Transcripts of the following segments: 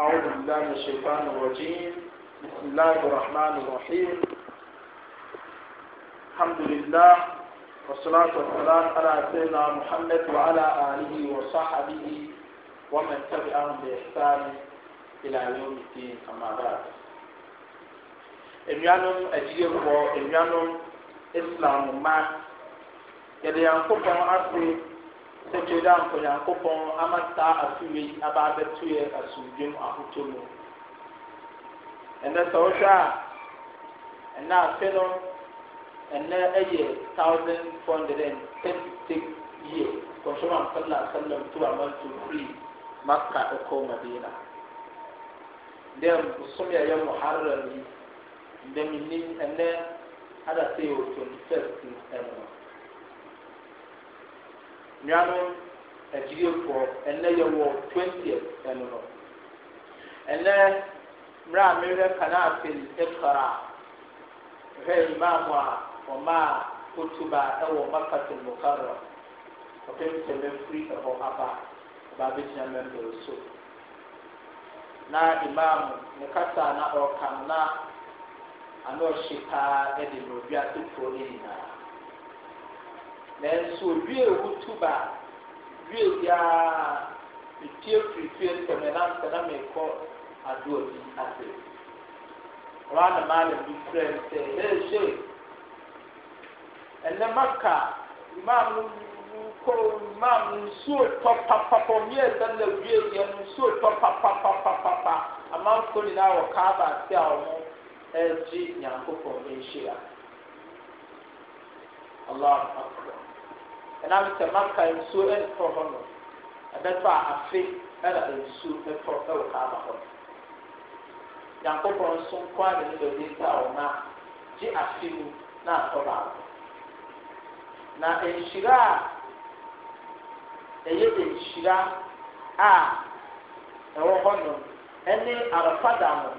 أعوذ بالله من الشيطان الرجيم بسم الله الرحمن الرحيم الحمد لله والصلاة والسلام على سيدنا محمد وعلى آله وصحبه ومن تبعهم بإحسان إلى يوم الدين أما بعد nnuanom agyiyefo nnuanom إسلام ما يلي yankopɔn أصلي sɛ twɛda mpo nyankopɔn ama saa asomdwe yi aba abɛto yɛ asomdwe mu ahotɔ mu ɛnɛ sɛ wohwɛ a ɛnɛ afe no ɛnɛ ɛyɛ thousand four hundred and thirty six year kɔnhyɛm amsalla sallam to a manto firi makka ɛkɔ madina dɛ bosom yɛyɛ muharram yi ni ɛnɛ ada sɛ yɛwɔ twenty first ɛno nnuanom agyidiefoɔ ɛnɛ yɛwɔ 20th ɛno no ɛnɛ mmerɛ a merɛ kanafil ikra hwɛ a ɔmaa kotuba ɛwɔ makatul mukarram ɔpem sɛ mɛfiri ɛhɔ aba ɔba so na imam ne kasa na ɔka na ano ɔhye paa ɛde no obi nanso wie wotu ba wie biara metie firifie nsɛm ɛnam sɛ na meekɔ adoɔ bi ase koraa na maalam bi frɛ m sɛ ɛɛhyɛ ɛnɛ maka imam no kɔ imam no nsuo tɔ papapa ɔmeɛ sɛm na wie deɛ no nsuo tɔ papapapapapa amanfoɔ nyinaa wɔ kaaba ase a wɔn ɛregye nyankopɔn nhyira allah akbar ɛnam sɛ maka nsuo ɛntɔ hɔ no ɛbɛtɔ a afe ɛna nsuo ɛtɔ ɛwɔ kaaba hɔ nyankopɔn nso nko ara ne bɛbi nta wɔn a gye afe mu na atɔ baako na nhyira a ɛyɛ nhyira a ɛwɔ hɔ no ɛne arafada no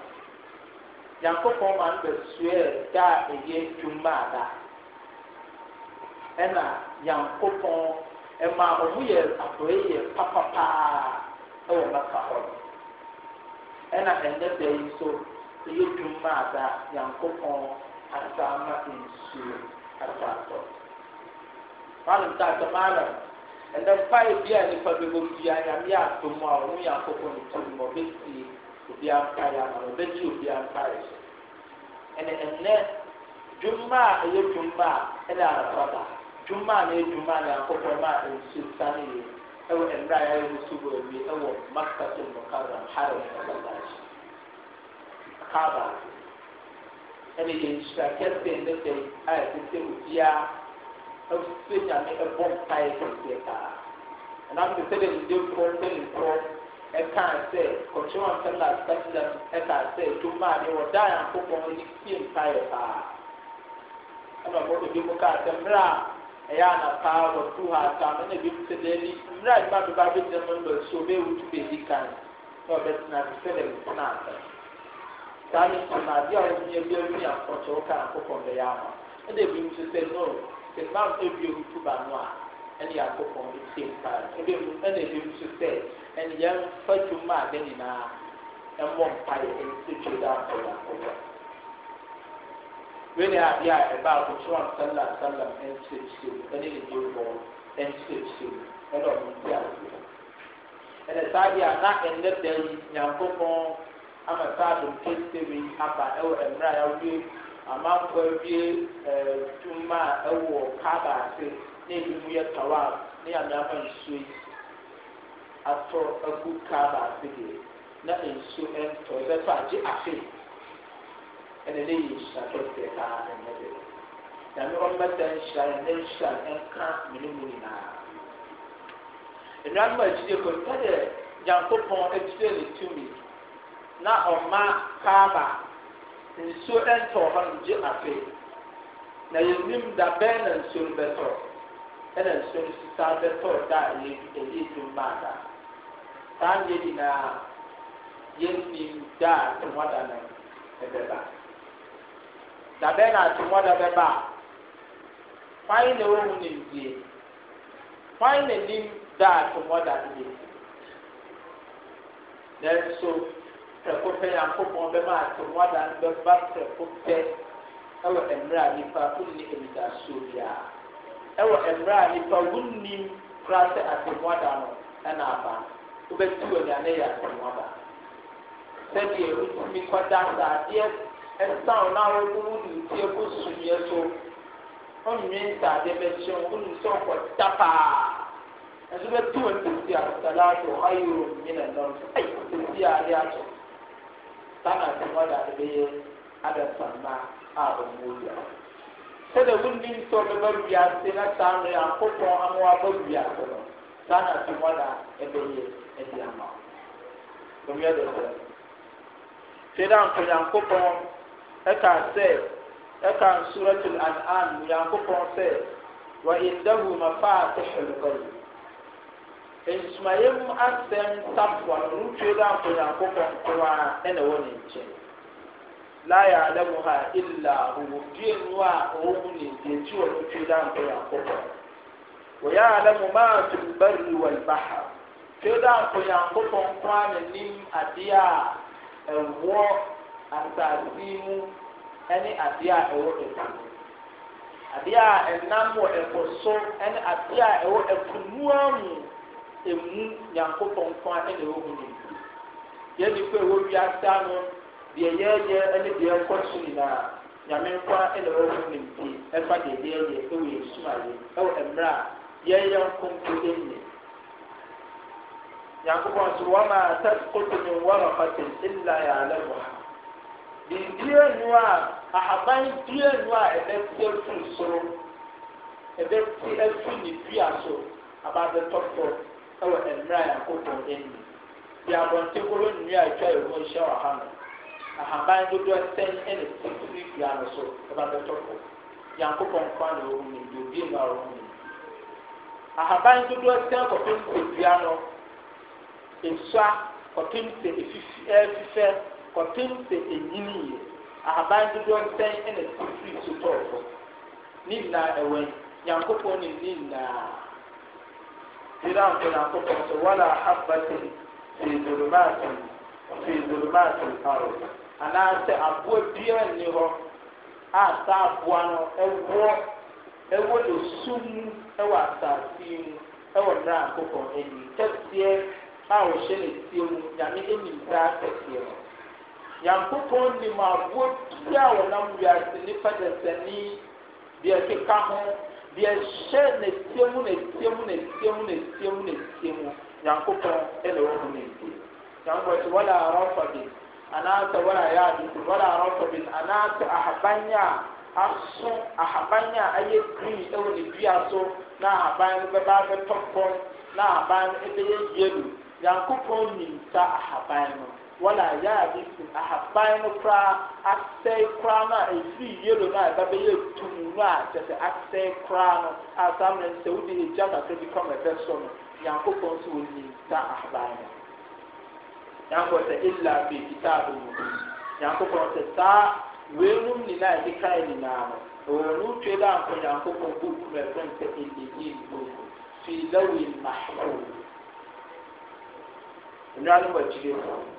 nyankopɔn ma no bɛsua da a ɛyɛ dwuma ada ɛna yankopɔn ɛma ɔmo yɛ atɔe yɛ papapaa ɛwɔ mɛfa hɔ no ɛna ɛnɛ da yi nso ɛyɛ dwuma ada yankopɔn asa ama nsuo asa atɔ malam ta sɛ malam ɛnɛ mpae bi a nipa bɛbɔ bia nyame ato mu a ɔmo yankopɔn ne tumi ma ɔbɛsie obi ampae ama no ɔbɛgye obi ampae ɛnɛ ɛnɛ dwuma a ɛyɛ dwuma a ɛna araba baa juma ne juma ne akokɔ ma nsu sani yɛ ɛwɔ mmerɛ a yɛayɛ nsu wɔ awie ɛwɔ makasɛ mukarram haram masalaki kaaba ɛne yɛ nhyira kɛseɛ ne sɛ a yɛde sɛ obiaa ɛfɛ nyame ɛbɔ mpaeɛ kɛseɛ paa ɛnam te sɛ de ndefoɔ mpanimfoɔ ɛkaa sɛ kɔtwe wɔn sɛ last sakilam ɛkaa sɛ juma ne wɔda a yankopɔn ne fie mpaeɛ paa ɛna ɔbɔ ebi mu kaa sɛ mmerɛ a ɛyɛ anapa wɔtu ha asam ɛna ebi te dɛ ni mmerɛ a nipa beba bi gyina no bɛsi o bɛyɛ wotu bɛdi kan na ɔbɛtena ne sɛ dɛ ntena ata saa ne nso na adeɛ a wɔnyɛ bi awi akɔtɔ kan akokɔ bɛyɛ ama ɛna ebi nso sɛ no sèpam ebi otu ba no a ɛna yɛ akokɔ bi te mpa ebi mu ɛna ebi nso sɛ ɛna yɛn fa dwuma a bɛ nyinaa ɛmmɔ mpa yɛ ɛnso twɛ dɛ akɔyɛ akokɔ wei ne adeɛ a ɛba a ɔkyerɛ sallam sallam ɛnkyerɛkyerɛ mu ɛne ne deɛ bɔ ɛnkyerɛkyerɛ mu ɛna ɔmo nti aseɛ ɛnɛ saa deɛ a na ɛnnɛ da yi nyankopɔn ama saa dom kɛntɛm yi aba ɛwɔ mmerɛ a yɛawie amanfo awie eh, ɛɛ dwuma a ɛwɔ kaaba ase na ebi mu yɛ tawa ne yɛn ama nsuo yi atɔ agu kaaba ase deɛ na nsuo ɛntɔ ɛbɛtɔ agye afe ɛna ne yɛ nhyira kɛseɛ paa ɛnɛ de nyame ɔmmɛta nhyira ɛnɛ nhyira ɛnka mene mu nyinaa nnuanom agyidie kɔnta dɛ nyankopɔn agyidie ne tumi na ɔma kaaba nsuo ɛntɔ hɔ no gye afei na yɛnim da bɛn na nsuo no bɛtɔ ɛna nsuo no sisa bɛtɔ da a ɛyɛ dum maa da saa nneɛ nyinaa yɛnim da a ɛwɔ da no ɛbɛba dabɛ na ati mɔda bɛba kwan na ewu ne nzie kwan na nim da ati mɔda bi na nso prɛko pɛ ya nkokɔn bɛma ati mɔda bɛba prɛko pɛ ɛwɔ mmerɛ a nipa wunni ebita suo biara ɛwɔ mmerɛ a nipa wunni kura sɛ ati mɔda no ɛna aba wobɛti wɔ nea ne yɛ ati mɔda sɛdeɛ wotumi kɔda saa adeɛ ɛsan na wɔkɔ wuli tie kɔ sumiɛ so ɔnwi ntaade bɛkyɛ wɔn wuli sɛ ɔkɔ ta paa ɛso bɛtu wɔn tete a ɔtala ato ayɔ nyina nam so ayi tete a ade ato sanni ati wɔn de ade bɛyɛ adasanna a wɔn wuli a sɛdeɛ wuli nsɛ ɔbɛba wiase na saa no yɛ akokɔn ama waba wiase no sanni ati wɔn de ɛbɛyɛ ɛdi ama wɔn yɛ dɛ sɛ fɛdɛ a nkɔnyankopɔn ɛka sɛ ɛka suratul an'am nyankopɔn sɛ wa indahu mafatihul ghaib nsumayɛ mu asɛm tafoa no wotwe do ankɔ nyankopɔn nkoa a ɛna ɛwɔ ne nkyɛn la ya'lamuha illa huwa due no a ɔwɔ mu ne nti nti wɔ no twe do ankɔ nyankopɔn wa ya'lamu ma fil barri wal bahr twe do ankɔ nyankopɔn nkoa n'anim adeɛ a ɛwɔ asasiimu ɛne adeɛ a ɛwɔ ɛpo adeɛ a ɛnam wɔ ɛpo so ɛne adeɛ a ɛwɔ ɛpo nua mu emu nyankopɔn kwan ɛna ɛwɔ mu nim yɛn nipa ɛwɔ wiasa no deɛ yɛɛyɛ ɛne deɛ ɛkɔ so nyinaa nyame nkwa ɛna ɛwɔ mu nim ti ɛfa deɛ yɛɛyɛ ɛwɔ esu ayɛ ɛwɔ mmerɛ a yɛɛyɛ nkonko ɛnyɛ nyankopɔn so wɔn a tɛsi koto ne wɔn a fa te illa yɛ alɛ wɔ ha biribiara nu a ahaban biara nu a ɛbɛti afiri soro ɛbɛti afiri ne dua so abadɛtɔfo ɛwɔ mmerɛ a yɛakɔbɔ anim deɛ abɔnten koro nnua atwa ɛho ahyia wɔ ha no ahaban dodoɔ sɛn ɛna sisiri dua no so ɛbɛtɔfo yankopɔn kɔ na ɛwɔ mu deɛ obi na ɛwɔ mu ahaban dodoɔ sɛn kɔpem sɛ dua no esua kɔpem sɛ efifi ɛɛfifɛ kɔpem sɛ ɛnyini yie ahaban dodoɔ nsɛn ɛna fifiri so tɔɔfo ne nyinaa ɛwɛn nyankopɔn ne ne nyinaa tiranko nyankopɔn sɛ wala habatin fi zulumatin fi zulumatin aro anaasɛ aboa biara nni hɔ a saa aboa no ɛwɔ ɛwɔ ne sum mu ɛwɔ asase mu ɛwɔ nraa nkopɔn anim kɛseɛ a wɔhyɛ ne tie mu nyame anim saa kɛseɛ no nyankopɔn nim aboɔ bi a wɔnam wiase nipa dasani deɛ keka ho deɛ hyɛ n'atie mu n'atie mu n'atie mu n'atie mu n'atie mu nyankopɔn ɛna wɔn mu n'atie nyankopɔn sɛ wɔn a arɔfa bi anaasɛ wɔn a ayɛ adudu wɔn a arɔfa anaasɛ ahaban a aso ahaban a ayɛ green ɛwɔ ne dua so na ahaban no bɛba abɛtɔ fam na ahaban no ɛbɛyɛ yellow nyankopɔn nim sa ahaban no wɔn a yɛa bi si ahaban no koraa asɛe koraa no a ɛfiri yelo no a ɛbɛbɛyɛ tum no a kyɛ sɛ asɛe koraa no a saa mmerɛ no sɛ wode ɛgya kakra bi kama ɛbɛsɔ no nyankopɔn nso wɔ nyinsa ahaban no nyankopɔn sɛ illa bi kitaabo mu nyankopɔn sɛ saa weenum nyinaa ɛde kae nyinaa no ɛwɔ no wotwe dɛ ankɔ nyankopɔn buuku no ɛfrɛ no sɛ ɛlɛyin buuku fi lawin mahfuz nnuanom akyire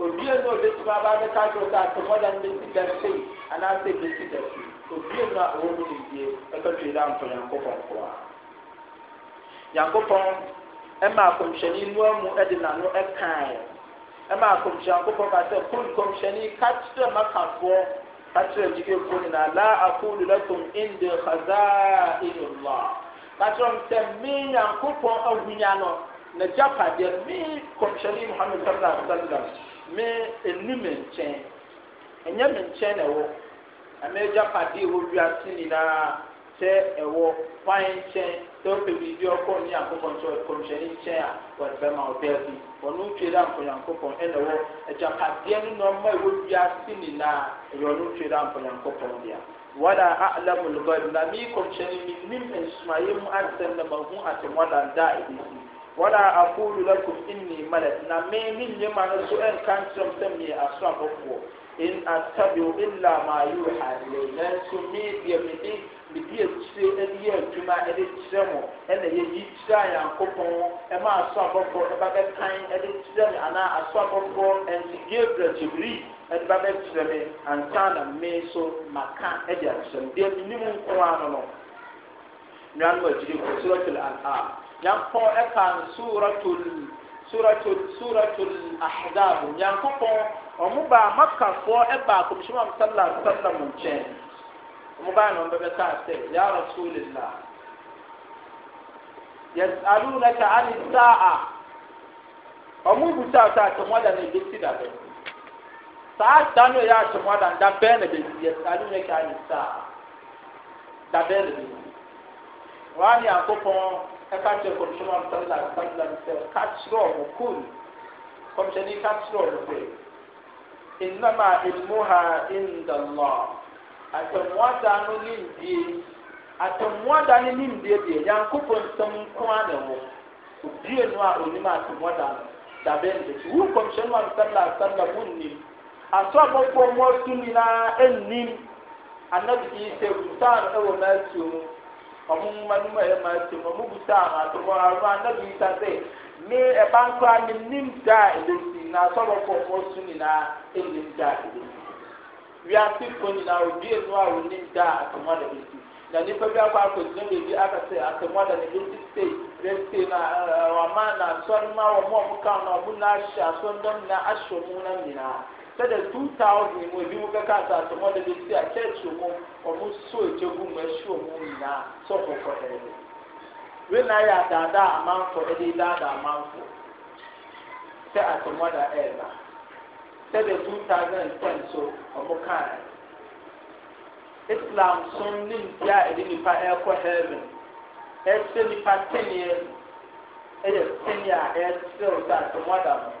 obie no obɛtumi aba ne ka kyerɛ sɛ atɔmɔda no bɛsi da se anaasɛ bɛsi da se obie no a ɔwɔ mu nimdie ɛbɛtwe dɛ ampɔ nyankopɔn ko a nyankopɔn ɛma akɔmhyɛne noa mu ɛde n'ano ɛkaeɛ ɛma akɔmhyɛ nyankopɔn ka sɛ kol kɔmhyɛne ka kyerɛ makafoɔ ka kyerɛ gyidiefoɔ nyinaa la akulu lakum inde khazainullah ka kyerɛ m sɛ me nyankopɔn ahunya no n'agyapadeɛ me kɔmhyɛne muhammad sallallahu alaihi wasallam me ɛni me nkyɛn ɛnyɛ me nkyɛn na ɛwɔ ɛmɛgya padeɛ ɛwɔ wiase nyinaa sɛ ɛwɔ kwan nkyɛn sɛ ɔpɛ biribi ɔkɔ ne yankopɔn nkyɛn ɔkɔmhyɛne nkyɛn a wɔde bɛma ɔbɛɛ bi ɔno twe dɛ ampɔnyankopɔn ɛna ɛwɔ ɛgya padeɛ no nɔɔma ɛwɔ wiase nyinaa ɛyɛ ɔno twe dɛ ampɔnyankopɔn dea wala a'lamu al-ghaib na mi kɔmhyɛne mi nim mu asɛm na mahu atɛmɔdan da a wala aqulu lakum inni malak na me ne nyɛma no so ɛnka nkyerɛm sɛ meyɛ asoabɔfoɔ in attabiu illa ma yuha ilay nanso me deɛ mede mede akyire ɛde yɛ adwuma e ɛde kyerɛ mo ɛna e yɛyi kyerɛ a nyankopɔn ɛma e asoabɔfoɔ ɛbɛbɛkan ɛde kyerɛ me anaa asoabɔfoɔ ɛnti gabriel jibril ɛde bɛbɛkyerɛ me ansa na me so maka ɛde akyerɛ me deɛ menim nko ara no no nuanom agyiri kɔ suratul an'am nyankopɔn ɛka no suratul suratul suratul ahzab ɔmo makafoɔ nkyɛn ɔmo na ɔmo bɛka sɛ ya rasulillah yas'alunaka an saa ɔmo buta sɛ akyɛmɔda na ebesi da bɛ saa da no ɛyɛ akyɛmɔda da bɛn na besi yas'alunaka saa da bɛn na besi wɔn ɛka kyerɛ kɔmhyɛn wa nsɛlɛm nsɛlɛm sɛ ka kyerɛ ɔmo kun kɔmhyɛn yi ka kyerɛ ɔmo sɛ nnama emu ha ndalɔ atɛmuada no ne ndie atɛmuada no ne ndie deɛ yankopɔ nsɛm nko ara na ɛwɔ obie no a onim atɛmuada no dabe ndekyi wu kɔmhyɛn wa nsɛlɛm nsɛlɛm mu nnim asɔbɔfoɔ mu asu nyinaa nnim anabi yi sɛ wutaa no ɛwɔ n'asuo mu. ọmụma nwoma no mu a yɛma akyɛ busa anabi a na asɔrɔfoɔ so nyinaa ɛnim da a ɛbɛsi wiase fo nyinaa obie no a onim da na nipa bi akɔ aka na ɛɛ ama na asɔre ma wɔn na wɔn na na sɛde 2000 mu ebi mu bɛka asase mu ɔdede si a kyɛɛkyi mu ɔmo so egye gu mu ehyi ɔmo nyinaa sɛ ɔkɔkɔ na yɛ adaada amanfo ɛde daada amanfo sɛ atemɔda ɛɛba sɛde 2010 so ɔmo kaa islam som ne a nipa ɛɛkɔ heaven ɛsɛ nipa teniɛ ɛyɛ teniɛ a ɛɛsɛw sɛ atemɔda mu.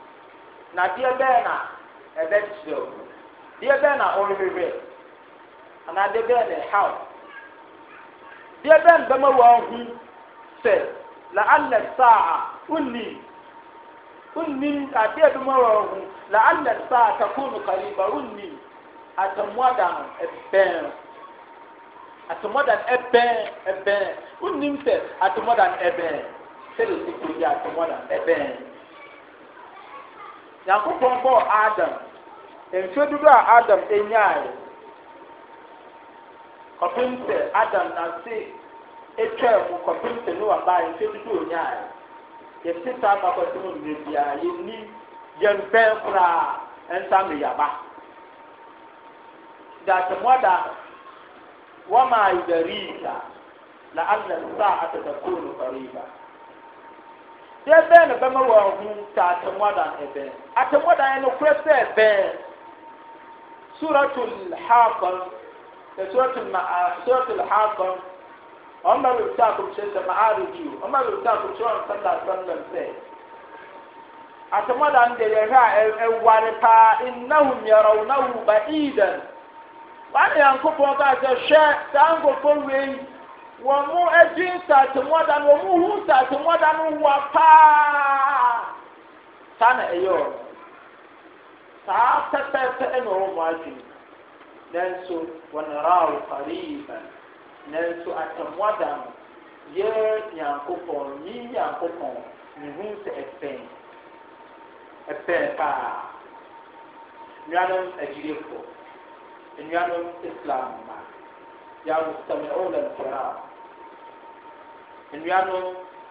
na deɛ bɛyɛ na ɛbɛkyerɛ wo deɛ bɛyɛ na ɔrehwehwɛ anaa deɛ bɛyɛ na ɛhaw deɛ bɛyɛ na bɛma wɔn ho sɛ la'alla saa unni unni adeɛ bɛma wɔn ho hmm, la'alla saa takunu kariba unnim atamuadan ɛbɛn atamuadan ɛbɛn ɛbɛn unni sɛ atamuadan ɛbɛn sɛ de ti kuru yɛ atamuadan ɛbɛn. nyankopɔn bɔɔ adam mfe dodo a adam nyaeɛ kɔpem sɛ adam n'ase atwaa mu kɔpem sɛ no wabaeɛ mfe dodo onyaeɛ yɛte saa abakɔsɛm mmerɛ biara yɛnni yɛnbɛn koraa nsa me yaba that mother wama yudarika la alla sa'ata takunu qariba deɛ bɛn na bɛma wɔn ho ka atemwadan ɛbɛn atemwadan no kura sɛ ɛbɛn suratul haakɔn na suratul a suratul haakɔn wɔn mma lɛ ota akomkyerɛ sɛ maa regyu wɔn mma lɛ ota akomkyerɛ wɔn nsa da asam lɛm sɛ atemwadan deɛ yɛ hwɛ a ɛware paa nnahu nyɛrɛw nahu ba iidan wɔn a yɛn kopɔn kaa sɛ hwɛ saa nkokɔ wei. wɔn mu adi nsatemɔda no wɔn mu hu nsatemɔda no wa paa saa na ɛyɛ wɔn saa pɛpɛɛpɛ ɛna wɔn mu adwene nanso wɔn raw kariba nanso atemɔda no yɛ nyankopɔn yi nyankopɔn ne ho sɛ ɛpɛn ɛpɛn paa nuanom agyilefoɔ nuanom islam ma yàwùsàmìlì ọ̀lẹ̀ nkìlá nnua no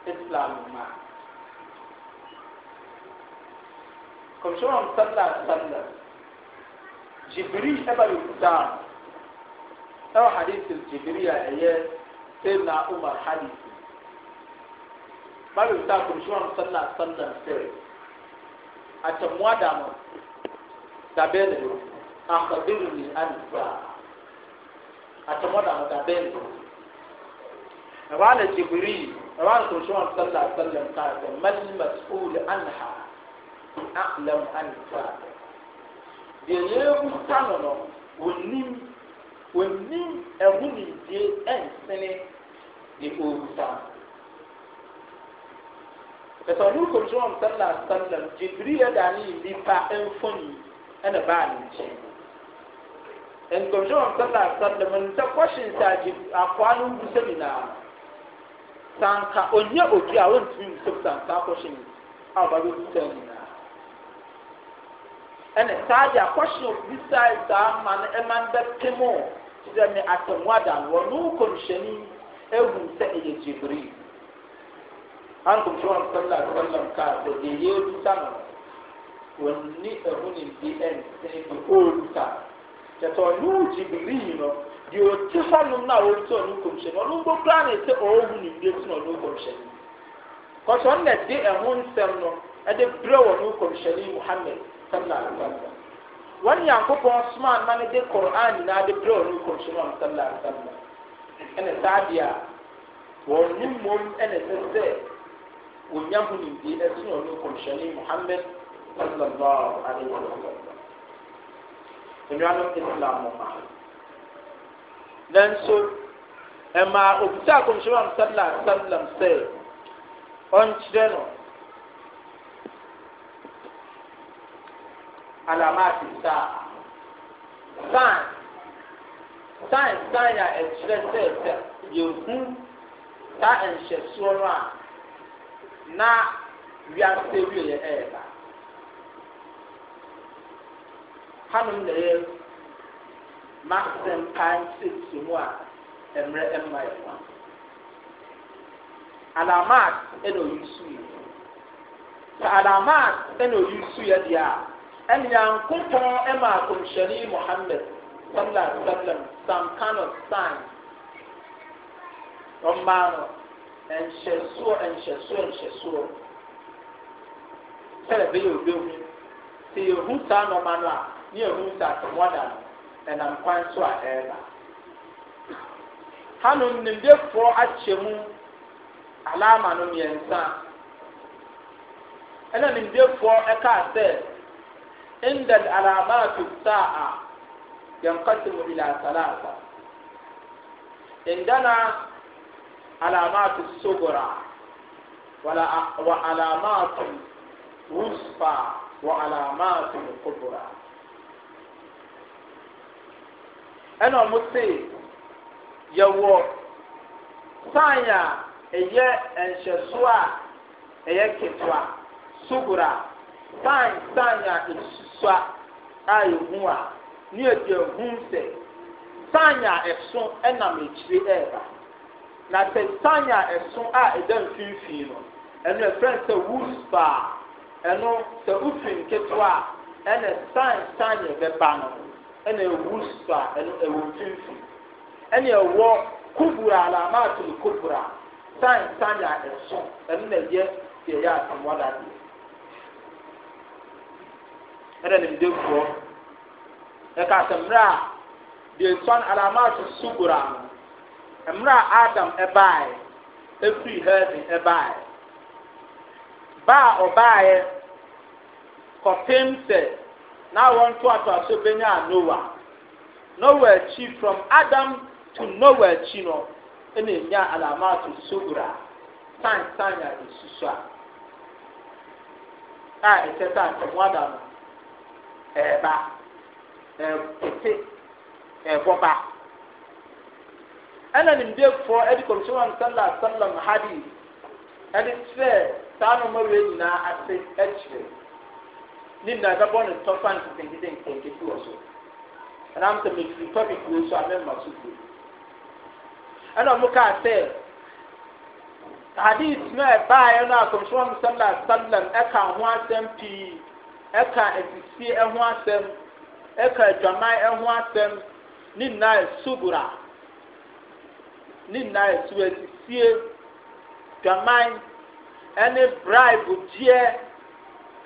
islam ma kɔmhyɛn wɔn sanda sanda jibiri ɛba yɛ kuta ɛwɔ hadisi jibiri a ɛyɛ sɛn na umar hadisi ba yɛ kuta kɔmhyɛn wɔn sanda sanda sɛ atamuada no dabɛn no akadiri ni anisa atamuada no dabɛn no rawala jibril rawala to shi wannan sallallahu alaihi wasallam ka ta mal mas'ul anha a'lam anka de ye ku tano no onim onim ehuni de ensene de ku tano ɛsɛ ɔmo kɔtɔn sɛlɛ asɛlɛm gyebiri yɛ da ne nipa mfoni ɛna baa ne nkyɛn nkɔtɔn sɛlɛ asɛlɛm nta kɔhyɛ nsa akɔa no gu sɛ nyinaa sanka onye otu a ontumi nsom sanka akɔhyɛ ne a ɔba bɛ kuta nyinaa ɛnna saa yɛ akɔhyɛ obi saa saa ma no ɛma no bɛpɛ mu ti dɛ me atɛmu adan wɔn no kɔmhyɛni ehu sɛ ɛyɛ gyebiri ankomtɔn sɛlɛ sɛlɛm kaa sɛ deɛ yɛ ebuta no wɔn ni ɛhu ne bi ɛnsɛn bi ɔɔbuta kyɛtɛ ɔno gyebiri no deɛ ɔte hɔnom no a wɔntu ɔno nkɔmhyɛ no ɔno mpo koraa ne sɛ ɔɔhu ne wie tena ɔno nkɔmhyɛ no na de ɛho nsɛm no ɛde brɛ wɔ no nkɔmhyɛne muhammed sallallahu alaihi wasallam wɔn nyankopɔn soma ma no de kɔrɔan nyinaa de brɛ wɔ no nkɔmhyɛne wɔn sallallahu alaihi wasallam ɛna saa deɛ a wɔn no mmom ɛna sɛ sɛ wɔnya ho ne wie ɛtena ɔno nkɔmhyɛne muhammed sallallahu alaihi wasallam nnuanom islam mu ahụ nanso ɛmaa obisaa kɔmhyɛn wa musalla sallam sɛ ɔnkyerɛ no alamaati saa sign sign sign a ɛkyerɛ sɛ sɛ yɛhu saa nhyɛsoɔ no a na wiase wie yɛ ɛyɛ ba hanom na ɛyɛ maxim pan six mu a mmerɛ mma yɛ fa alamat ɛna oyi su yɛ sɛ alamat ɛna oyi su yɛ deɛ a ɛnyankopɔn ɛma akɔmhyɛni mohammed sallallahu alaihi wa sallam some kind of sign ɔmmaa no nhyɛsoɔ nhyɛsoɔ nhyɛsoɔ sɛ ɛbɛyɛ obehu sɛ yɛhu saa nɔɔma no a ne yɛhu saa sɛ mɔda no ɛnam kwan so a ɛreba hanom nimdefoɔ akyɛ mu alama no mmiɛnsa ɛna nimdefoɔ ɛkaa sɛ inda alamatu saa yankasimu ila salasa indana alamatu sugura wa alamatu wusfa wa alamatu kubura ɛna ɔmo se yɛwɔ sign a ɛyɛ nhyɛso a ɛyɛ ketewa sugura sign sign a esusua a ehu a ne ɛdi ehu sɛ sign a ɛso ɛnam akyire ɛɛba na sɛ sign a ɛso a ɛda mfimfini no ɛno ɛfrɛ sɛ wood spa ɛno sɛ wofin ketewa ɛna sign sign ɛbɛba no. ɛna ewu sɔ a ɛno ɛwɔ mfimfin ɛna ɛwɔ kubura alamatul kubura sign sign a ɛso ɛno na ɛyɛ deɛ ɛyɛ asamoada deɛ ɛna ne mdefoɔ ɛka sɛ mmerɛ a deɛ nsɔn alamatul subura no mmerɛ a adam ɛbaeɛ efiri heaven ɛbaeɛ baa ɔbaeɛ kɔpem sɛ. na wɔn to atoaso benya noa noa akyi from adam to noa akyi no ɛna enya alamato sobra san san a esusu a a ɛkyɛ sɛ atɔmu adam no ɛɛba ɛɛpete ɛɛbɔ ba ɛna nimdeefoɔ ɛde kɔmhyɛn sallah sallam hadi ɛde kyerɛ saa nneɛma wei nyinaa ase akyerɛ. ne na ɛbɛbɔ ne tɔ fa nketɛnkete dɛ nketɛnkete wɔ so ɛnam sɛ mefiri tɔpik wei so a mɛma so bio ɛna ɔmo kaa sɛ hadis no a ɛbaeɛ no a kɔmhyɛm sala salam ɛka e ho asɛm pii ɛka e asisie ɛho asɛm ɛka e adwaman ɛho asɛm ne nyinaa yɛ subura ne nyinaa yɛ subura asisie dwaman ɛne bribe gyeɛ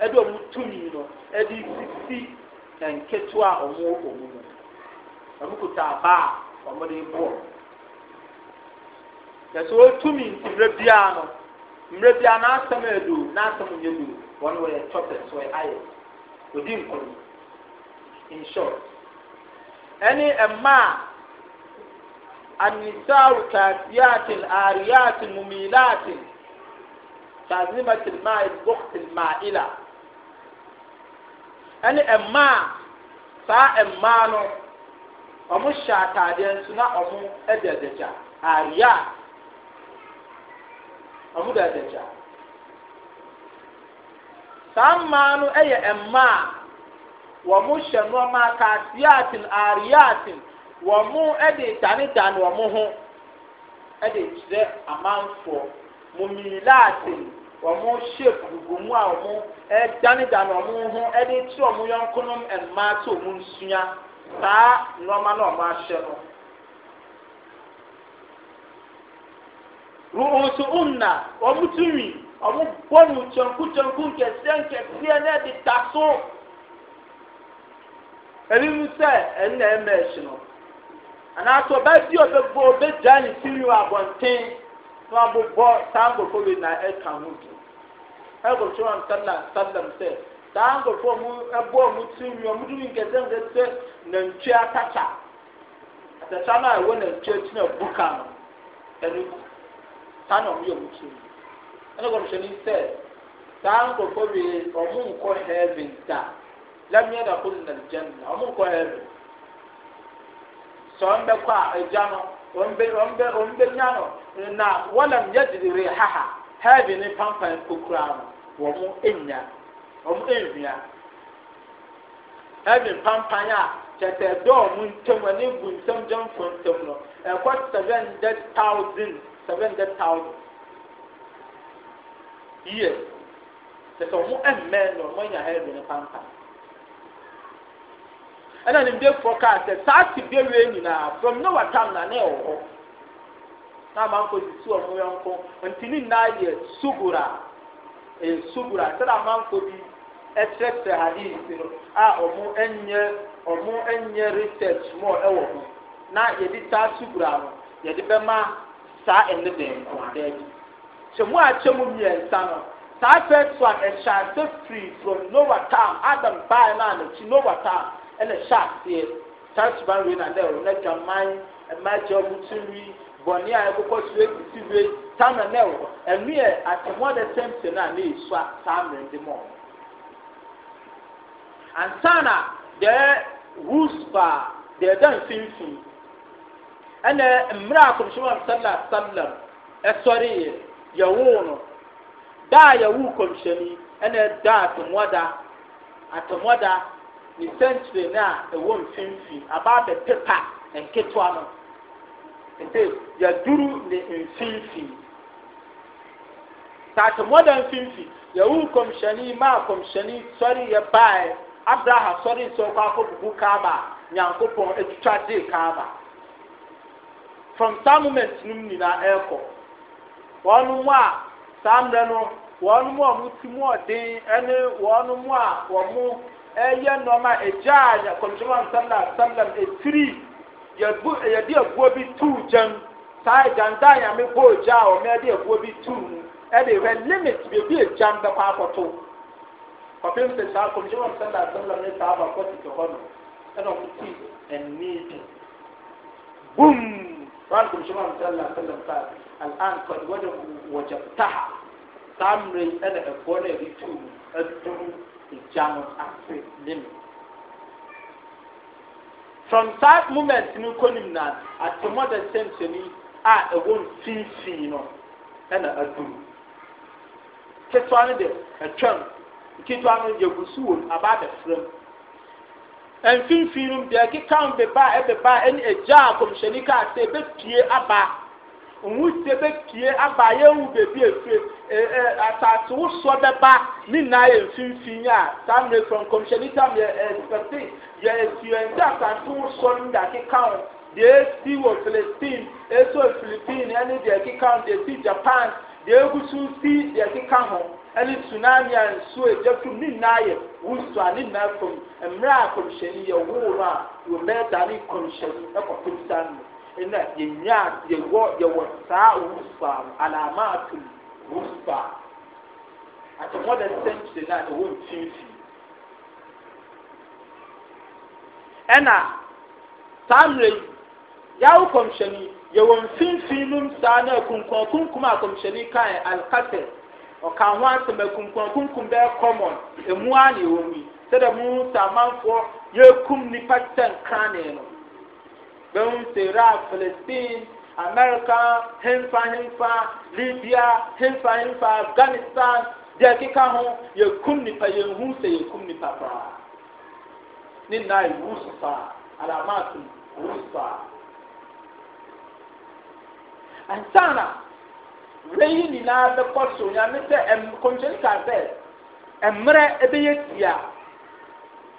ɛde ɔmo tumi no ɛde sisi nketewa a ɔmo wɔ ɔmo mu ɔmo kuta aba a ɔmo de boɔ yɛsɛ wɔn tumi nti mmerɛ biara no mmerɛ biara n'asɛm yɛ do n'asɛm yɛ do wɔn wɔyɛ tɔpɛs wɔyɛ ayɛ odi nkɔm in short ɛne mmaa annisaaru kaasiyatin ariyatin mumilatin kazimati lmaa bukti lmaa ila. ɛne ɛmaa saa ɛmaa no ɔmo hyɛ ataadeɛ nso na ɔmo ɛde adagya aria ɔmo de adagya saa mmaa no ɛyɛ ɛmaa wɔmo hyɛ nneɛma kaasiatin ariatin wɔmo ɛde danedane wɔmo ho ɛde kyerɛ amanfoɔ mo milaatin. ọmụ shape gugu a wɔn ọmụ wɔn ho ɛde ti wɔn yɔnkonom mmaa te wɔn nsua saa nneɛma na wɔn ahyɛ no ruhusu kyɛnku nkɛseɛ na ɛde ta so ebinom sɛ ɛnna ɛmɛ ɛhyi no anaasɛ ɔbaa bi ne so abụbọ saa nkurɔfoɔ na ɛka ho to ɛkɔtwerɛ nsalam salam sɛ saa nkurɔfoɔ mu ɛbɔ tirinwi ɔmo nkɛse nkɛse no a ɛwɔ na buka no ɛno saa na ɔmo yɛ ɔmo tirinwi ɛna kɔmhyɛni sɛ saa nkurɔfoɔ wei ɔmo nkɔ da lɛmiɛ da ko na na ɔmo nkɔ a no. ɔmbɛnya no na wɔlam yɛgyere rehaha heavy ne pampan kokura no wɔn mo nya wɔn nhia heavy pampan a kyɛtɛ dɔɔ mu ntɛm ɛne bu ntɛm gyɛn fo ntɛm no ɛkɔ seven hundred thousand seven hundred thousand years kyɛtɛ wɔn mmɛn no wɔn nya heavy ne pampan. ɛna ne mdefoɔ kaa sɛ saa te bɛwie nyinaa from ne watam na ne ɛwɔ hɔ na amanfoɔ sisi wɔn yɔnko nti ne nna yɛ subura ɛyɛ subura sɛde amanfoɔ bi ɛkyerɛkyerɛ hadisi no a wɔn nyɛ wɔn nyɛ research mu ɛwɔ ho na yɛde taa subura no yɛde bɛma saa ɛne dɛm kɔndaa bi kyɛ a kyɛ mu mmiɛnsa no saa first one ɛhyɛ ase free from noah time adam baa naa n'akyi noah time. ɛna hyɛ aseɛ church ban wei na dɛ ɛwɔ na dwaman mmaagye ɔmo tinwi bɔnne a ɛkokɔ so esisi wei tama na ɛwɔ ɛnu yɛ atɛmɔ de sɛmsɛm na esu a saa de mɔ ansana deɛ rules baa deɛ ɛda mfimfini ɛna mmerɛ akɔmhyɛm a sallam sallam ɛsɔre yɛ yɛwoo no daa yɛwoo kɔmhyɛni ɛna ɛda atɛmɔ da atɛmɔ da. ne sɛnkyerɛ no a ɛwɔ mfimfini abaa bɛpepa nketewa no nti yɛduru ne mfimfini tatemɔda mfimfini yɛwu kɔmhyɛni maa kɔmhyɛni sɔre yɛ baeɛ abraha sɔre sɛ ɔkɔ akɔbubu kaaba a nyankopɔn atwitwa gyee kaaba from saa moment no mu nyinaa ɛrekɔ wɔn mu a saa mmerɛ no wɔn mu a wɔte mu ɔden ne wɔn mu a wɔn ɛyɛ nneɛma egyaa yɛ kɔmpiuta sallam sallam etiri yɛbu yɛde ebuo bi tuu gyɛm saa egyandaa yɛn bɔ egyaa wɔn yɛde ebuo bi tuu mu ɛde hwɛ limit beebi egyam bɛkɔ akɔto kɔpem sɛ saa kɔmpiuta sallam sallam ne saa abakɔ tete hɔ no ɛna ɔmo ti ɛnii bi bum wɔn kɔmpiuta sallam sallam saa al'an kɔdi wɔde wɔgyɛ taha saa mmerɛ yi ɛna ɛboɔ no yɛde tuu mu ɛdum ìjánu ase lim from that moment ní kónim na atẹmọdé sẹnsẹni a ẹwọ nfinfin no ẹna adum ketewa no de ẹtwam ketewa no yẹ gusu wọm aba abẹfrẹm mfinfin no bia keka ho beba ɛbeba ɛne ɛgya akɔmhyɛni kaa sɛ ɛbɛpie aba nwusie bɛpie aba yɛwu beebi efie ɛɛ asase wosoɔ bɛba ne nan yɛ mfimfin a saa mmerɛ fam kɔmhyɛni tam yɛ ɛsɛte yɛ esuante asase wosoɔ no de akeka ho deɛ esi wɔ philistine eso philippine ɛne deɛ ɛkeka o deɛ esi japan deɛ egu so si deɛ ɛkeka ho ɛne tsunami a nsuo egya fam ne nan yɛ wusu a ne nan fam mmerɛ a kɔmhyɛni yɛ woo no a wɔbɛɛ dane kɔmhyɛni ɛkɔ pem saa na yɛnyaa yɛwɔ yɛwɔ saa wufa alamaatum wufa ati modern century na ɛwɔ e mfimfini ɛna saa mmerɛ yi yawo kɔmhyɛni yɛwɔ mfimfini nom saa na akunkun akunkum a kɔmhyɛni kan alkasɛ ɔka ho asɛm akunkun akunkum bɛɛ kɔmɔn emu a na ɛwɔ mu yi sɛdeɛ mu sɛ amanfoɔ yɛkum nipa kyɛn kranee no bẹ́ẹ̀ ń ṣe ra Palestine Amẹ́ríkà hínfà hínfà Libya hínfà hínfà Afghanistan deɛ ɛkeka ho yɛkum nipa yɛnhu sɛ yɛkum nipa paa ne nna ewu so paa alamaatum ewu so paa ansana wei nyinaa bɛkɔ so nyame sɛ ɛm kɔnkyɛn kaa sɛ ɛmmerɛ ɛbɛyɛ tia.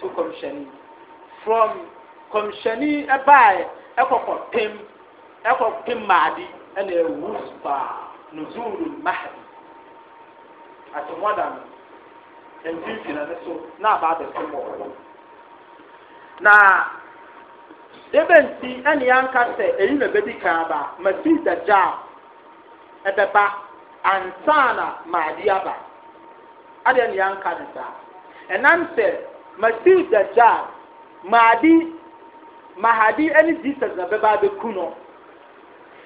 to kɔmhyɛni from kɔmhyɛni ɛbaeɛ ɛkɔkɔ pem ɛkɔ pem maade ɛna ɛwu paa no Ati mahadi atɔmɔdam mfimfini ne so na aba abɛsɛm wɔ hɔ na debe nti ɛne yɛnka sɛ ɛyi na bɛdi kan ba masii dagya a ɛbɛba ansana maade aba adeɛ ne yɛnka ne saa ɛnam sɛ masiw dajjal maadi mahadi ɛne jesus na bɛba abɛku no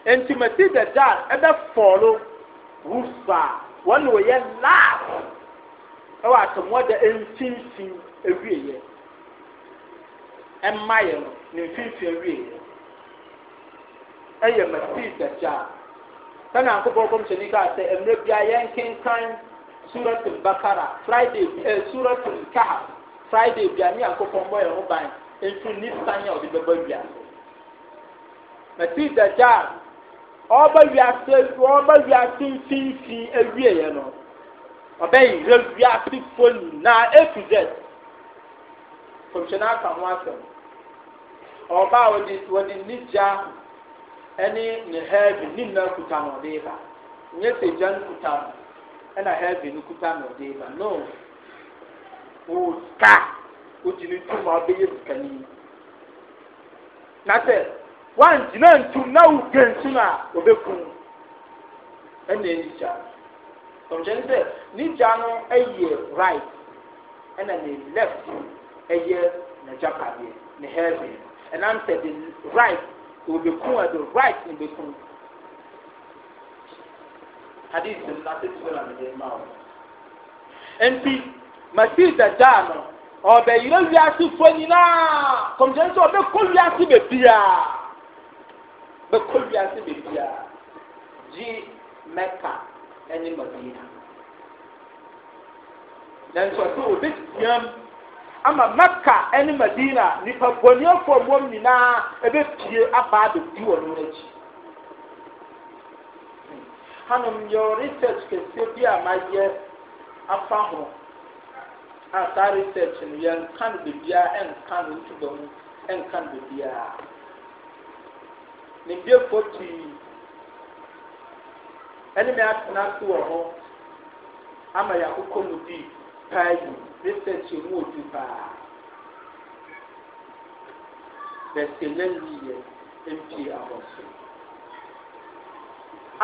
nti masiw dajjal ɛbɛfɔɔlo wufa wɔn na wɔyɛ laaf ɛwɔ atɔmɔda mfimfin awieɛ ɛmmayɛ no ne mfimfin awieɛ ɛyɛ masiw dajjal sani akokɔ kɔmhyɛni kaa sɛ mmerɛ bia yɛn kenkan suratul bakara friday ɛɛ eh, suratul kahf friday aduane ankopɔn bɔ yɛn ho ban nso ni san a ɔde bɛbɔ wiase mɛti dagya ɔba wiase ɔba wiase mfimfin awie yɛ no ɔbɛyɛ wiase fo nyinaa efi dɛ kɔmhyɛn aka ho asɛm ɔba a wɔde wɔde ne gya ɛne ne hɛɛbi ne nyinaa kuta na ɔde ba nyɛ sɛ gya no kuta no ɛna hɛɛbi no kuta na ɔde ba no wòsika wogyina ntum a wobɛyɛ sikani na sɛ woangyina ntum na wodwa ntum a wobɛkum ɛnna ni gya ɔmkyɛ ne sɛ ne gya no ɛyɛ right ɛna ne left ɛyɛ n'agyapadeɛ ne heaven ɛnam sɛ the right wobɛkum a the right ne bɛkum hadith no na sɛ tuwɛ na mede ma wo nti masih dagyaa no ɔbɛyerɛ wiasefoɔ nyinaa kɔmhyɛn sɛ ɔbɛkɔ wiase bebiaa bɛkɔ wiase bebiaa gye mɛka ne madina nanso ɔsɛ ɔbɛtiam ama mɛka ne madina nnipa bɔneafoɔ mmom nyinaa ɛbɛpie abaa bɛdi wɔ no n'akyi hanom yɛwɔ research kɛseɛ bi a mayɛ afa ho a saa research no yɛnka no biribiara nka no ntuba mu nka no biribiara ne mbiefoɔ tii ɛne me atena ase wɔ hɔ ama yɛakokɔ mu di paa yi research mu wɔ paa bɛsɛ yɛnyiyɛ mpie abɔso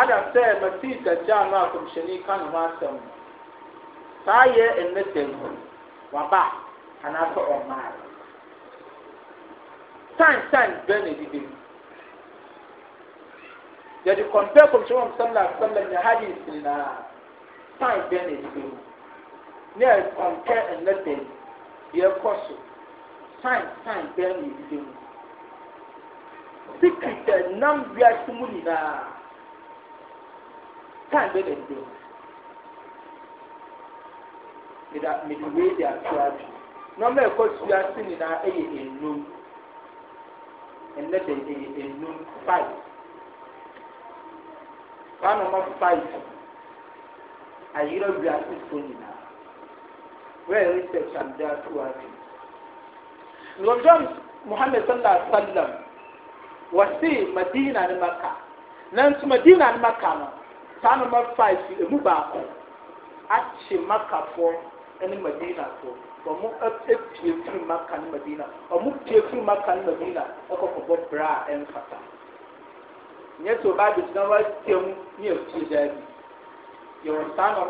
ada sɛ masii gagyaa no a kɔmhyɛni ka ne ho asɛm saa yɛ ɛnnɛ da mu waba anaasɛ ɔmaa time time bɛn na ɛdidi mu yɛde compare kɔmhyɛn wɔn sɛm na sɛm na nyɛ hadi nyinaa uh, time bɛn na ɛdidi mu ne yɛ compare ɛnɛ bɛn deɛ kɔ so time time bɛn na ɛdidi mu secret ɛnam uh, wiase mu nyinaa time bɛn na ɛdidi mu. mede wei de ato ato nɔma ɛkɔ suase nyinaa ɛyɛ enum ɛnɛ de ɛyɛ enum five saa nɔma five ayerɛ wiase so nyinaa wɛɛ research and data to ato lɔdɔm muhammed sallallahu alaihi wa sallam wɔsi madina ne maka nanso madina ne maka no saa nɔma faif emu baako akye makafoɔ. ne madina so ɔmo apue firi maka ne madina ɔmo pue firi maka ne madina ɛkɔkɔbɔ bra a ɛmfata nyɛ sɛ ɔbaa de gyina hɔ atia mu ne apue daa bi yɛwɔ saa e e e a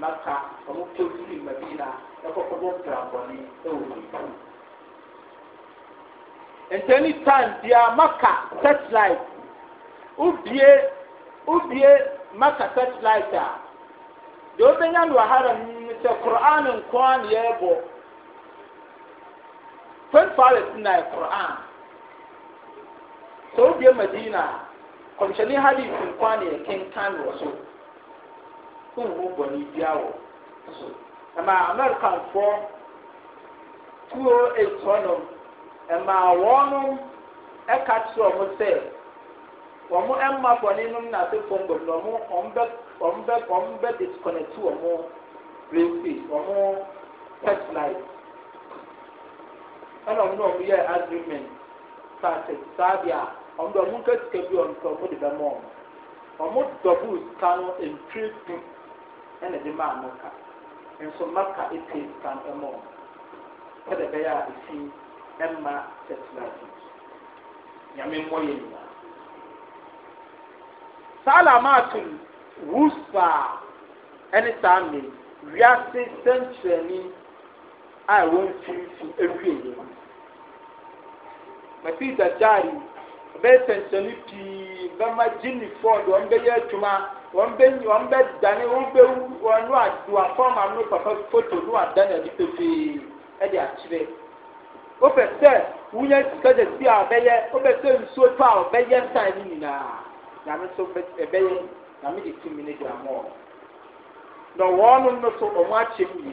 maka ɔmo pue firi madina bra bɔne ɛwɔ ntɛni maka satellite ubie ubie maka satellite a. deɛ wobɛnya no wahara mu sɛ qur'an nkoa ne yɛbɔ 24 na yɛ sɛ wobie madina a kɔmhyɛne hadis nkoa ne yɛkenkan wɔ so wonhu bɔne bia wɔ so ɛma americanfoɔ 208 hɔnom ɛma wɔnom ɛka kyerɛ ɔmo sɛ wɔn mma bɔne nom na asefo mbɔ no ɔmo ɔmo wɔn bɛ wɔn bɛ disconnect wɔn mo railway wɔn mo pet light ɛna wɔn na wɔn yɛ agreement saasi saa deɛ a wɔn de wɔn nka sika bi wɔn nka wɔn de bɛ mɔ wɔn wɔn double sika no ntire du ɛna de maa maka nso maka epe sika no mɔ ɛna bɛyɛ a efi ɛma pet light nyame mmɔ yɛ nyinaa saa la wusa ɛne saa mme wiase sɛnkyerɛni a ɛwɔ mfimfini ewie yɛ masita kyaari ɔbɛyɛ sɛnkyerɛni pii bɛma gyini fɔɔd wɔn bɛyɛ adwuma wɔn bɛ wɔn bɛ dane wɔn bɛ wɔn no adu afɔm ano papa foto no adane adi pefee ɛde akyerɛ wopɛ sɛ wunya sika de si a ɔbɛyɛ wopɛ sɛ nsuo tɔ a ɔbɛyɛ san ne nyinaa nyame nso ɛbɛyɛ na mede tumi no gyina mɔɔ na wɔnom no so ɔmo akyɛm yi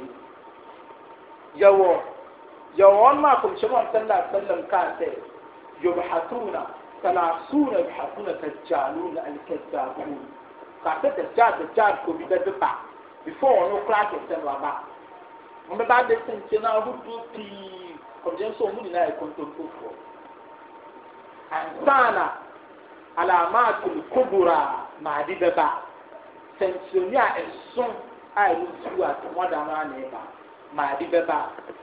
yɛwɔ yɛwɔ ɔnom akɔmhyɛm a sallallahu alaihi wasallam kaa sɛ yubhatuna salasuna yubhatuna dajjaluna alkadzabun kaa sɛ dajjal dajjal kɔ bi bɛde ba before ɔno koraa kɛsɛ no aba ɔmo bɛba de sɛnkyɛn ahodoɔ pii kɔmhyɛm sɛ ɔmo nyinaa yɛ kɔntɔnfofoɔ ansana alamatul kubura maade bɛba sɛnsoni a ɛso a ɛno nsuo a tɔmɔda no ana ɛba maade bɛba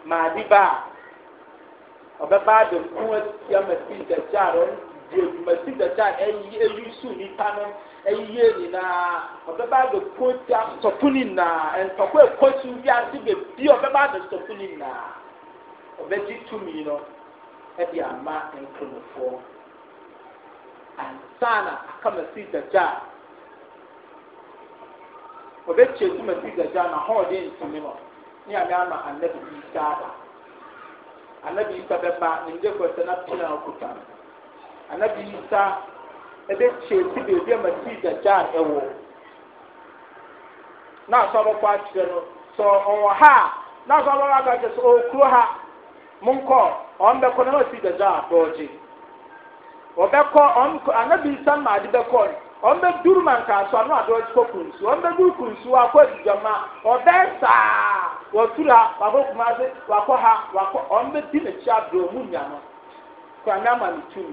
maade ba a ɔbɛba abɛnko atia masi dakya a ɔno di adwuma si dakya a ɛyi ɛyi so nipa no ɛyie nyinaa ɔbɛba abɛnko atia sɔfo ne nyinaa ɛntɔkɔ ɛkɔ so bi ase bebi ɔbɛba abɛ sɔfo ne nyinaa ɔbɛgye tumi no ɛde ama nkramofoɔ. ansa na aka masi dagya a wɔbɛkyɛ tu masi dagya na hɔɔde ntumi no ne ame ama anabi isa aba anabi isa bɛba ne mde kɔsɛ na pina okuta oh, anabi isa ɛbɛkyɛ si beebi a masi dagya na asɔrɔfo akyerɛ no sɛ ɔwɔ ha na asɔrɔfo akyerɛ sɛ ha monkɔ ɔn na masi dagya a dɔɔgye. ɔbɛkɔ ɔm anabi nsɛm maade bɛkɔ no ɔm ano kunsu ɔm bɛduru kunsu akɔ adigama ɔbɛn saa wɔtura wakɔ wakɔ ha wakɔ ɔm bɛdi n'akyi aburo mu nya no kwan ama ne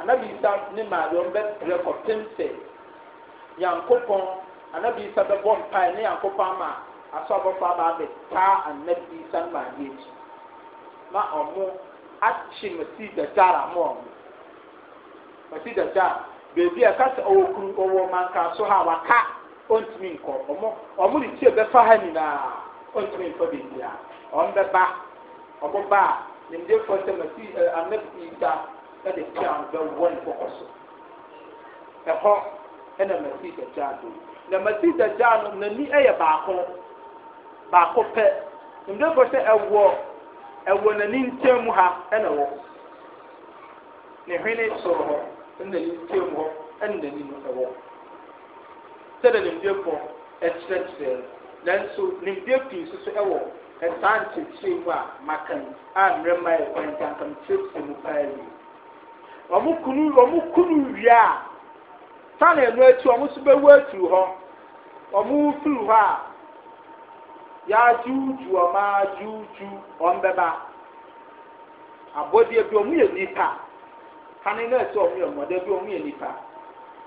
anabi ne ɔm anabi ama asɔ abɔfra anabi akyi ma ɔmo. akyi masi dajara mɔɔ masi dajara beebi a kasa ɔwɔ kuru ɔwɔ manka so ha waka ɔntumi nkɔ ɔmo ɔmo ne tie bɛfa ha nyinaa ɔntumi nkɔ beebi a ɔmo bɛba ɔmo ba eh, a nimdefoɔ sɛ masi ɛ anabi ita ɛde kia bɛwɔ ne kɔkɔ so ɛhɔ ɛna masi dajara do na masi dajara no n'ani ɛyɛ baako baako pɛ nimdefoɔ sɛ ɛwɔ. ɛwɔ n'ani ntam ha ɛna wɔ ne hwene soro hɔ ɛna n'ani ntam hɔ ɛna n'anim ɛwɔ sɛdeɛ nimdeɛ pɔ ɛkyerɛkyerɛ nanso nimdeɛ pii nso e so ɛwɔ ɛsaa nkyerɛkyerɛ mu a maka yi a mmarima yɛ kwantankam kyerɛkyerɛ mu paa yi e wɔn kunu wɔn kunu wie a saa na wɔn nso bɛwɔ aturu hɔ wɔn firi hɔ a yaajuju ɔmaajuju juju bɛba abɔdeɛ bi wɔn yɛ nipa kane naa sɛ wɔn yɛ mɔdeɛ bi wɔn yɛ nipa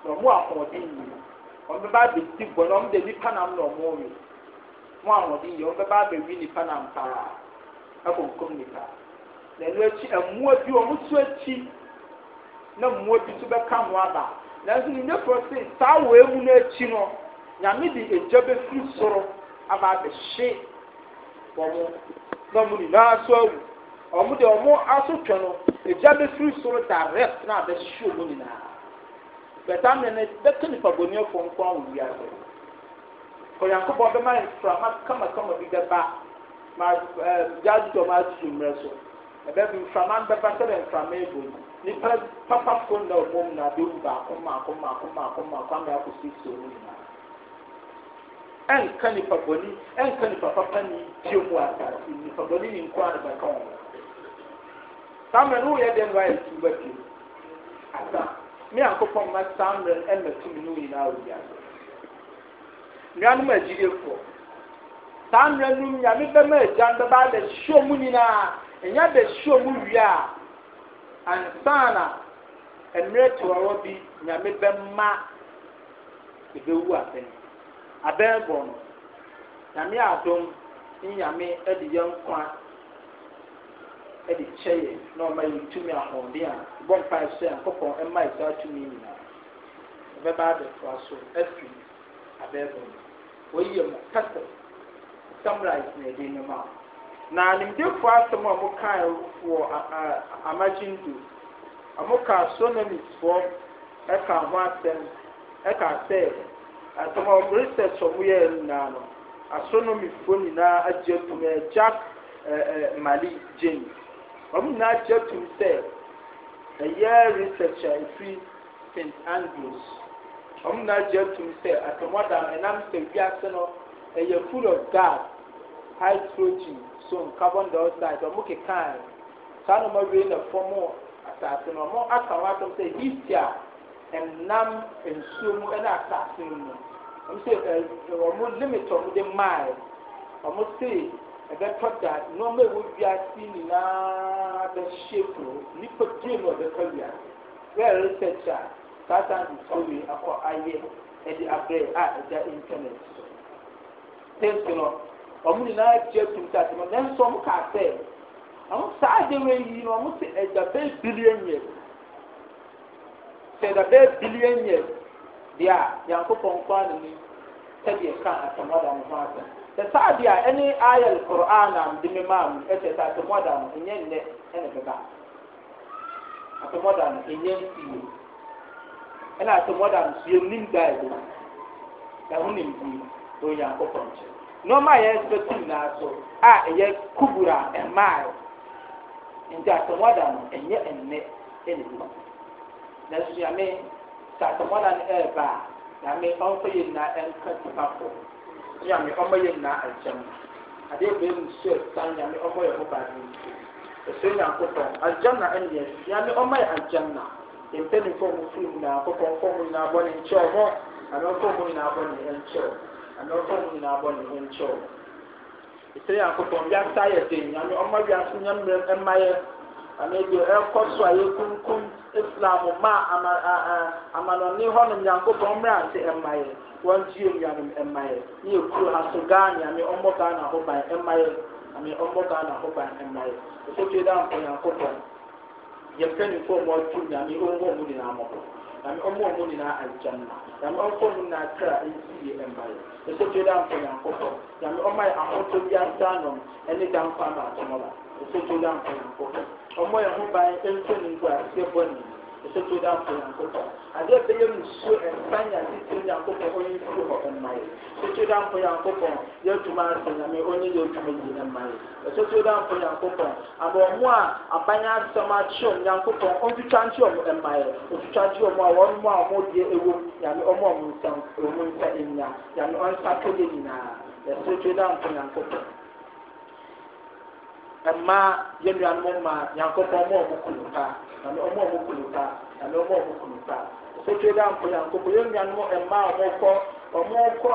na wɔn ahoɔden yie wɔn bɛba abɛdi bɔ na wɔn de nipa nam na wɔn yɛ wɔn ahoɔden yie wɔn bɛba abɛwi nipa nam paa ɛkɔnkɔn nipa na ɛnu akyi ɛmoa bi wɔn so akyi na mmoa bi nso bɛka ho aba nanso ne nyɛ fɔ saa wɔ emu n'akyi no nyame de egya bɛfiri soro aba abɛhye wɔn na wɔn nyinaa so awu wɔn de wɔn aso twɛ no egya bɛfiri soro direct na abɛhye wɔn nyinaa bɛta mmienu bɛka nipa bɔnni afɔ nko awo wiase kɔnyankopɔn bɛma nframa kamakama bi bɛba ma ɛɛ gyaadudɔ ma atu mmerɛ so ɛbɛbi nframa bɛba sɛbɛ nframa ebo mu nipa papa ko na wɔn mu na bɛwu baako mmaako mmaako mmaako mmaako ama akɔ sisi wɔn nyinaa. ɛnka nipa bɔni ɛnka nipa papa ni tie mu asase nipa bɔni ni nko ara bɛka wɔn saa mmerɛ no yɛ dɛm wayɛ tu ba pii asa me ankopɔ mma saa mmerɛ ɛmɛ no nyinaa wɔ bi ase saa mmerɛ no nyame bɛma agya bɛba mu nyinaa mu wie a ansana mmerɛ bi nyame bɛma asɛn abɛɛbɔn nyame adom nyame de yɛ nkwa de kyɛ yɛ na ɔma yɛ tumi ahoɔden a bɔ mpa so yankopɔn ma yɛ saa tumi nyinaa ɛbɛba abɛtoa so afiri abɛɛbɔn wɔyi yɛ mu kasa summarize na ɛde no ma na nimdefoɔ asɛm a mokae wɔ amagyindo ɔmoka astronomisfoɔ ɛka ho asɛm ɛka sɛ asɛm a wɔn research wɔn yɛɛ nyinaa no astronomyfoɔ nyinaa agye atum ɛ jack ɛɛ mali james wɔn nyinaa agye atum sɛ ɛyɛ research a efiri st andrews wɔn nyinaa agye atum sɛ atɛmɔdam ɛnam sɛ wiase no ɛyɛ full of gas hydrogen so carbon dioxide wɔn kekaa saa na wɔn awie na fam asase no wɔn aka wɔn atom sɛ heat a. nnam nsuo mu ne asase mu ɔmo sɛ ɛ ɔmo limit ɔmo de maae ɔmo sɛ ɛbɛtɔ da nneɛma ɛwɔ wiase nyinaa bɛhyɛ kuro nipa dee na ɔbɛka wiase wɛɛ research a saa saa discovery akɔ ayɛ ɛde abrɛ a ɛda internet so tɛnti no ɔmo nyinaa gye tum sase mo nanso ɔmo kaa sɛ ɔmo saa de wɔ yi no ɔmo sɛ ɛda bɛɛ billion sɛda bɛɛ billion years deɛ a nyankopɔn kɔ ni sɛdeɛ ka asɛmmoada no ho asɛm sɛ saa deɛ a ɛne koran a mede me maa mu ɛkyɛ sɛ asɛmmoada no ɛnyɛ nnɛ ɛne bɛba asɛmmoada no ɛnyɛ nsie ɛna asɛmmoada no so na wɔ nneɛma a so a ɛyɛ kubura mmaa nti asɛmmoada no ɛnyɛ nnɛ ɛne bɛba na-ese nanso yame sasamɔna no ɛɛba a yame ɔmfa yɛ nyinaa adeɛ mu yɛ ɛsɛ agyam na ɛne yɛ yame ɔmma yɛ agyam na mpanimfo ho firi mu nyinaa kopɔn fɔ ho nyinaa bɔne nkyɛw ho anɔfo ho nyinaa bɔne nkyɛw anɔfo ho nyinaa bɔne nkyɛw ɛsɛ yɛ den yɛ anaa deɛ ɛrekɔ so a islam ma amanɔne hɔnom nyankopɔn mmerɛ ase ɛma yɛ wɔntie nnuanom ɛma yɛ ne yɛ kuro ha so ya ame ɔmmɔ ghana ho ban ɛma yɛ ame ɔmmɔ ghana ho ban ɛma yɛ ɛsɛtwe da mpɔ nyankopɔn yɛmpanifoɔ mu ɔtu nyinaa nyinaa nyinaa kra ɛma yɛ da nyankopɔn ahotɔ bi asa nom ɛne ɛsɛ to da mpanyinfo ɔmo yɛ ho ban ɛnso ne nko aseɛ bɔ ne ɛsɛ to da mpanyinfo adeɛ bɛyɛ musuo ɛnsa ne asisi nyanko pɔ ɔnye firi hɔ ɛnma yɛ ɛsɛ to da mpanyinfo pɔ yɛ adwuma asɛ nyame ɔnye yɛ adwuma yi ɛnma yɛ ɛsɛ to da mpanyinfo pɔ ama ɔmo a aban asɛm akyerɛ ɔmo nyanko pɔ ɔtwitwa nkyerɛ ɔmo ɛnma yɛ ɔtwitwa nkyerɛ ɔmo a wɔn mo a ɔmo deɛ ɛwɔ nyame ɔmo ɔmo nsa ɔmo nsa ɛnya nyame ɔnsa kɛlɛ nyinaa ɛsɛ to da mpanyinfo pɔ mmaa yɛ nuanom mmaa nyankopɔn ɔmo a ɔmo kunu paa ɛna ɔmo a ɔmo kunu paa ɛna ɔmo a ɔmo kunu paa sotwe dɛ ampo nyankopɔn yɛ nuanom mmaa a ɔmo kɔ ɔmo kɔ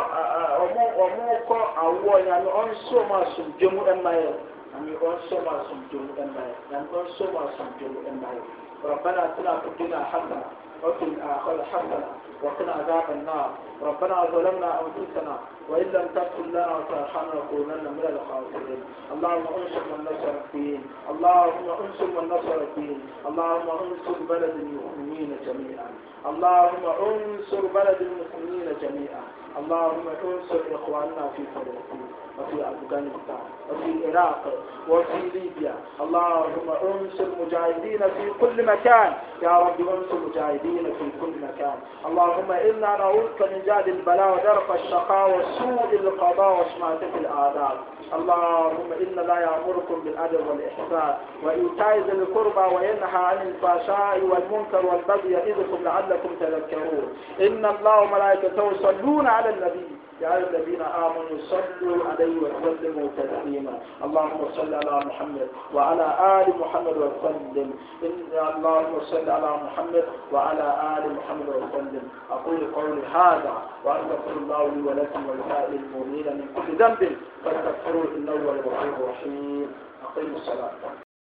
ɔmo ɔmo kɔ awoɔ nyame ɔnso ɔmo asomdwe mu mmaa yɛ nyame ɔnso ɔmo asomdwe mu mmaa yɛ nyame ɔnso ɔmo asomdwe mu mmaa yɛ ربنا اتنا في الدنيا حسنه وفي الاخره حسنه وقنا عذاب النار ربنا ظلمنا أنفسنا وإن لم تغفر لنا وترحمنا لنكونن من الخاسرين اللهم انصر من نصر الدين اللهم انصر من نصر الدين اللهم انصر بلد المؤمنين جميعا اللهم انصر بلد المؤمنين جميعا اللهم انصر اخواننا في فلسطين وفي افغانستان وفي العراق وفي ليبيا اللهم انصر المجاهدين في كل مكان يا رب انصر المجاهدين في كل مكان اللهم انا نعوذك من جاد البلاء ودرق الشقاء وسوء القضاء وشماتة الاعداء اللهم انا لا يامركم بالعدل والاحسان وايتاء ذي القربى وينهى عن الفحشاء والمنكر والبغي يعظكم لعلكم تذكرون ان الله وملائكته يصلون على على النبي يا أيها الذين آمنوا صلوا عليه وسلموا تسليما اللهم صل على محمد وعلى آل محمد وسلم إن اللهم صل على محمد وعلى آل محمد وسلم أقول قولي هذا وأستغفر الله لي ولكم ولسائر المؤمنين من كل ذنب فاستغفروه إنه هو الغفور الرحيم أقيموا الصلاة